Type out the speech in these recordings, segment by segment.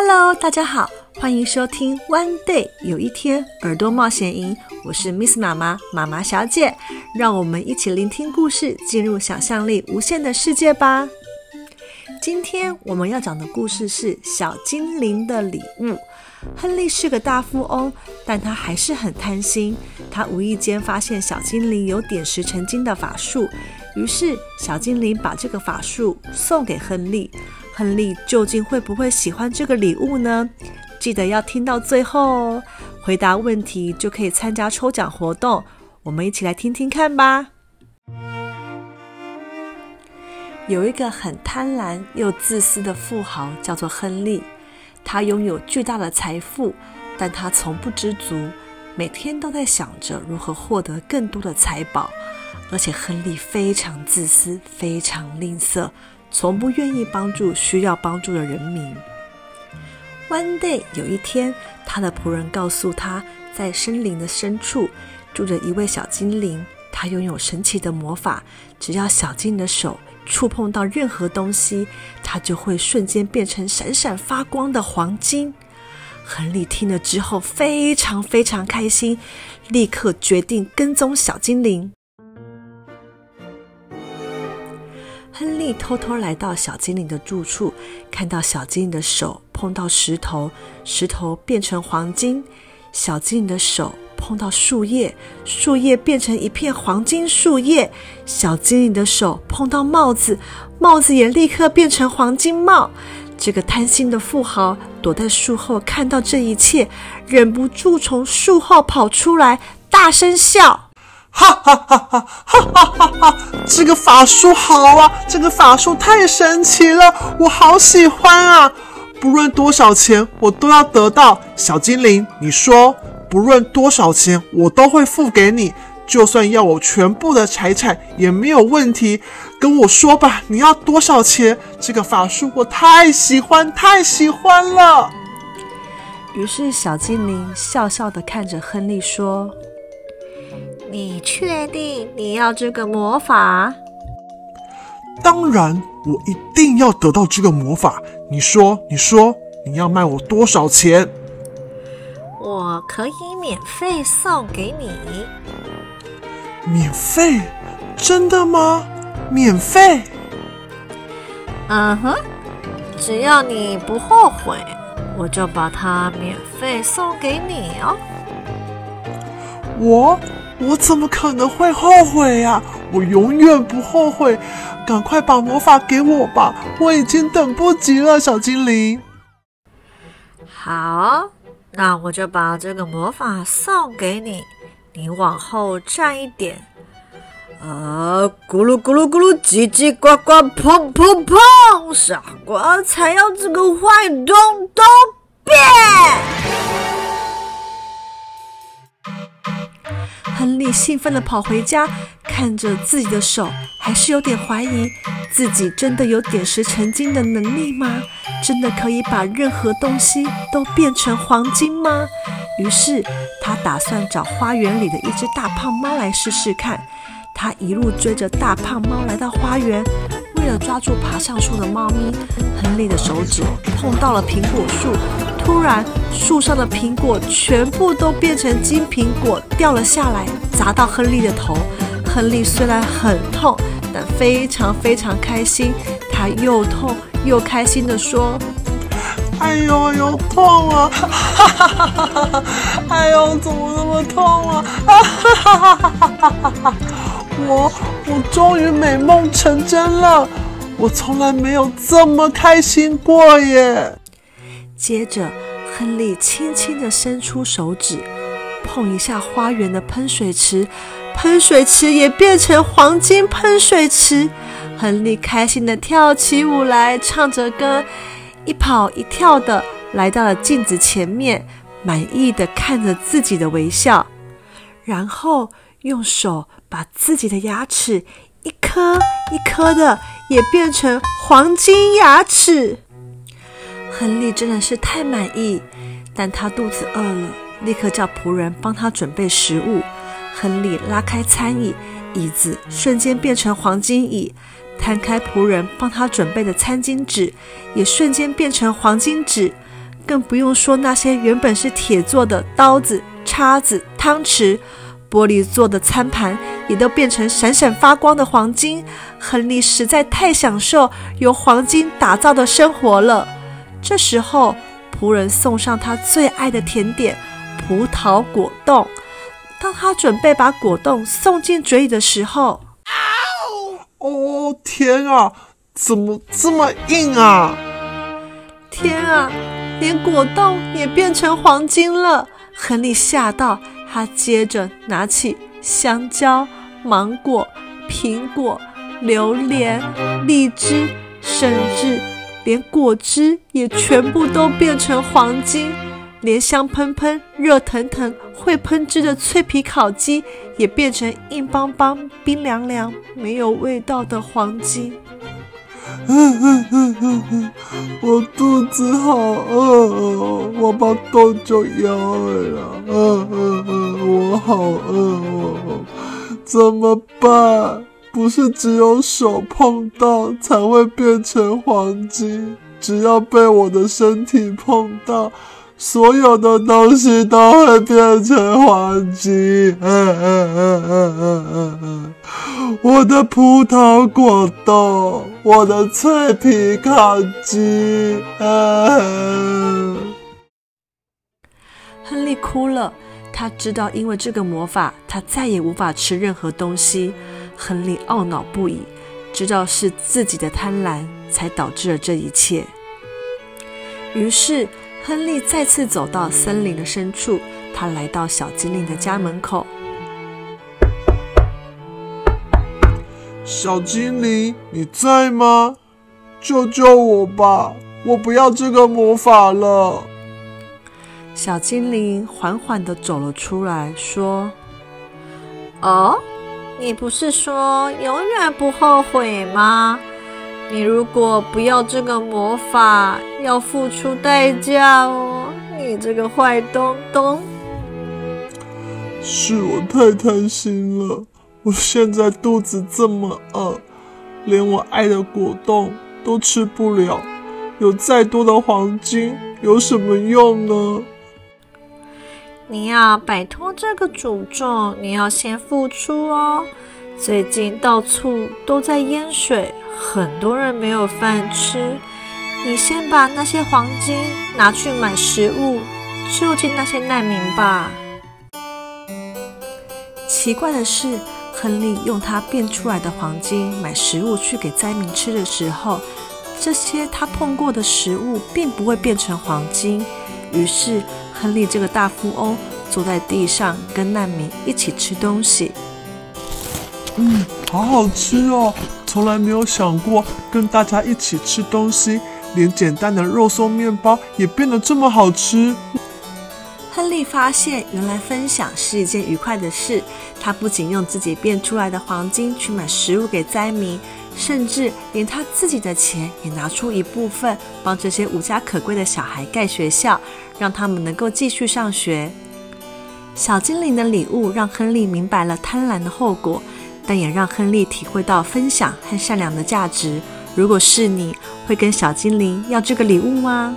Hello，大家好，歡迎收聽《One Day》有一天耳朵冒險營，我是 Miss 媽媽，媽媽小姐，讓我們一起聆聽故事，進入想象力無限的世界吧。今天我們要講的故事是《小精靈的禮物》。亨利是個大富翁，但他還是很貪心。他無意間發現小精靈有點石成金的法術，於是小精靈把這個法術送給亨利。亨利究竟會不會喜歡這個禮物呢？記得要聽到最後哦！回答問題就可以參加抽獎活動。我們一起來聽聽看吧。有一個很貪婪又自私的富豪，叫做亨利。他擁有巨大的財富，但他從不知足，每天都在想着如何獲得更多的財寶。而且亨利非常自私，非常吝嗇。從不願意幫助需要幫助的人民。One day，有一天，他的僕人告訴他在森林的深處住着一位小精靈，他擁有神奇的魔法，只要小精靈的手觸碰到任何東西，他就會瞬間變成閃閃發光的黃金。亨利聽了之後非常非常開心，立刻決定跟蹤小精靈。亨利偷偷來到小精靈的住處，看到小精靈的手碰到石頭，石頭變成黃金；小精靈的手碰到樹葉，樹葉變成一片黃金樹葉；小精靈的手碰到帽子，帽子也立刻變成黃金帽。這個貪心的富豪躲在樹後，看到這一切，忍不住從樹後跑出來，大聲笑。哈哈哈！哈，哈哈哈哈哈哈哈哈，這個法術好啊，這個法術太神奇了，我好喜歡啊！不論多少錢，我都要得到。小精靈，你說，不論多少錢，我都會付給你，就算要我全部的財產也沒有問題。跟我說吧，你要多少錢？這個法術我太喜歡，太喜歡了。於是，小精靈笑笑的看着亨利說：你確定你要這個魔法？當然，我一定要得到這個魔法。你說，你說，你要賣我多少錢？我可以免費送給你。免費？真的嗎？免費？嗯哼，uh-huh. 只要你不後悔，我就把它免費送給你哦。我？我怎麼可能會後悔呀、啊？我永遠不後悔。趕快把魔法給我吧，我已經等不及了，小精靈。好，那我就把這個魔法送給你。你往後站一點。啊、呃！咕嚕咕嚕咕嚕，嘰嘰呱呱，砰砰砰，砰！傻瓜，才要這個壞東東，變。亨利興奮地跑回家，看着自己的手，還是有點懷疑：自己真的有點石成金的能力嗎？真的可以把任何東西都變成黃金嗎？於是他打算找花園裡的一隻大胖貓來試試看。他一路追着大胖貓來到花園，為了抓住爬上樹的貓咪，亨利的手指碰到了蘋果樹。突然，樹上的蘋果全部都變成金蘋果掉了下來，砸到亨利的頭。亨利雖然很痛，但非常非常開心。他又痛又開心地說：“哎呦，又痛了！”“哈哈哈哈，哎呦，怎麼那麼痛啊？哈哈哈哈，我我終於美夢成真了，我從來沒有這麼開心過耶！”接着，亨利輕輕地伸出手指，碰一下花園的噴水池，噴水池也變成黃金噴水池。亨利開心地跳起舞來，唱着歌，一跑一跳地來到了鏡子前面，滿意地看着自己的微笑，然後用手把自己的牙齒一顆一顆的也變成黃金牙齒。亨利真的是太滿意，但他肚子餓了，立刻叫僕人幫他準備食物。亨利拉開餐椅，椅子瞬間變成黃金椅；攤開僕人幫他準備的餐巾紙，也瞬間變成黃金紙。更不用說那些原本是鐵做的刀子、叉子、湯匙，玻璃做的餐盤也都變成閃閃發光的黃金。亨利實在太享受由黃金打造的生活了。這時候，僕人送上他最愛的甜點——葡萄果凍。當他準備把果凍送進嘴裡的時候，啊、哦天啊，怎麼這麼硬啊！天啊，連果凍也變成黃金了！亨利嚇到，他接着拿起香蕉、芒果、蘋果、榴蓮、荔枝，甚至……生連果汁也全部都變成黃金，連香噴噴、熱騰騰、會噴汁的脆皮烤雞也變成硬邦邦、冰涼涼、沒有味道的黃金。嗯嗯嗯嗯嗯，我肚子好餓哦，我把凍着腰了。嗯嗯嗯，我好餓哦，怎麼辦？不是只有手碰到才會變成黃金，只要被我的身體碰到，所有的東西都會變成黃金。嗯嗯嗯嗯嗯嗯嗯，我的葡萄果凍，我的脆皮烤雞。嗯、哎。亨利哭了，他知道，因為這個魔法，他再也無法吃任何東西。亨利懊惱不已，知道是自己的貪婪才導致了這一切。於是，亨利再次走到森林的深處，他來到小精靈的家門口。小精靈，你在嗎？救救我吧！我不要這個魔法了。小精靈緩緩地走了出來，說：“哦。”你不是說永遠不後悔嗎？你如果不要這個魔法，要付出代價哦！你這個壞東東，是我太貪心了。我現在肚子這麼餓，連我愛的果凍都吃不了，有再多的黃金有什麼用呢？你要擺脫這個詛咒，你要先付出哦。最近到處都在淹水，很多人沒有飯吃。你先把那些黃金拿去買食物，救濟那些難民吧。奇怪的是，亨利用他變出來的黃金買食物去給災民吃的時候，這些他碰過的食物並不會變成黃金，於是，亨利這個大富翁坐在地上，跟難民一起吃東西。嗯，好好吃哦！從來沒有想過跟大家一起吃東西，連簡單的肉鬆麵包也變得這麼好吃。亨利發現，原來分享是一件愉快的事。他不僅用自己變出來的黃金去買食物給災民，甚至連他自己的錢也拿出一部分，幫這些無家可歸的小孩蓋學校。讓他們能夠繼續上學。小精靈的禮物讓亨利明白了貪婪的後果，但也讓亨利體會到分享和善良的價值。如果是你，會跟小精靈要這個禮物嗎？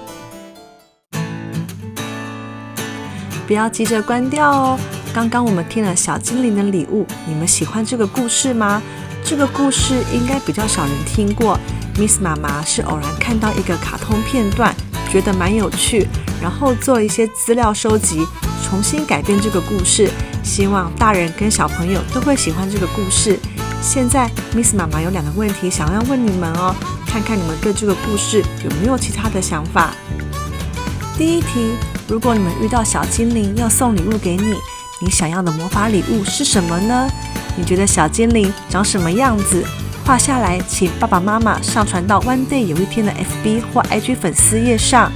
不要急着關掉哦。剛剛我們聽了小精靈的禮物，你們喜歡這個故事嗎？這個故事應該比較少人聽過。Ms. Mama 是偶然看到一個卡通片段。覺得蠻有趣，然後做一些資料收集，重新改編這個故事，希望大人跟小朋友都會喜歡這個故事。現在，Miss 媽媽有兩個問題想要問你們哦，看看你們對這個故事有沒有其他的想法。第一題，如果你們遇到小精靈要送禮物給你，你想要的魔法禮物是什麼呢？你覺得小精靈長什麼樣子？畫下來，請爸爸媽媽上傳到 One Day 有一天的 FB 或 IG 粉絲頁上。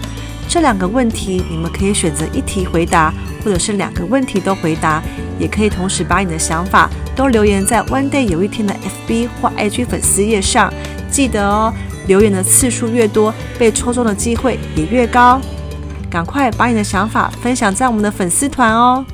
這兩個問題，你們可以選擇一題回答，或者是兩個問題都回答，也可以同時把你的想法都留言在 One Day 有一天的 FB 或 IG 粉絲頁上。記得哦，留言的次數越多，被抽中的機會也越高。趕快把你的想法分享在我們的粉絲團哦！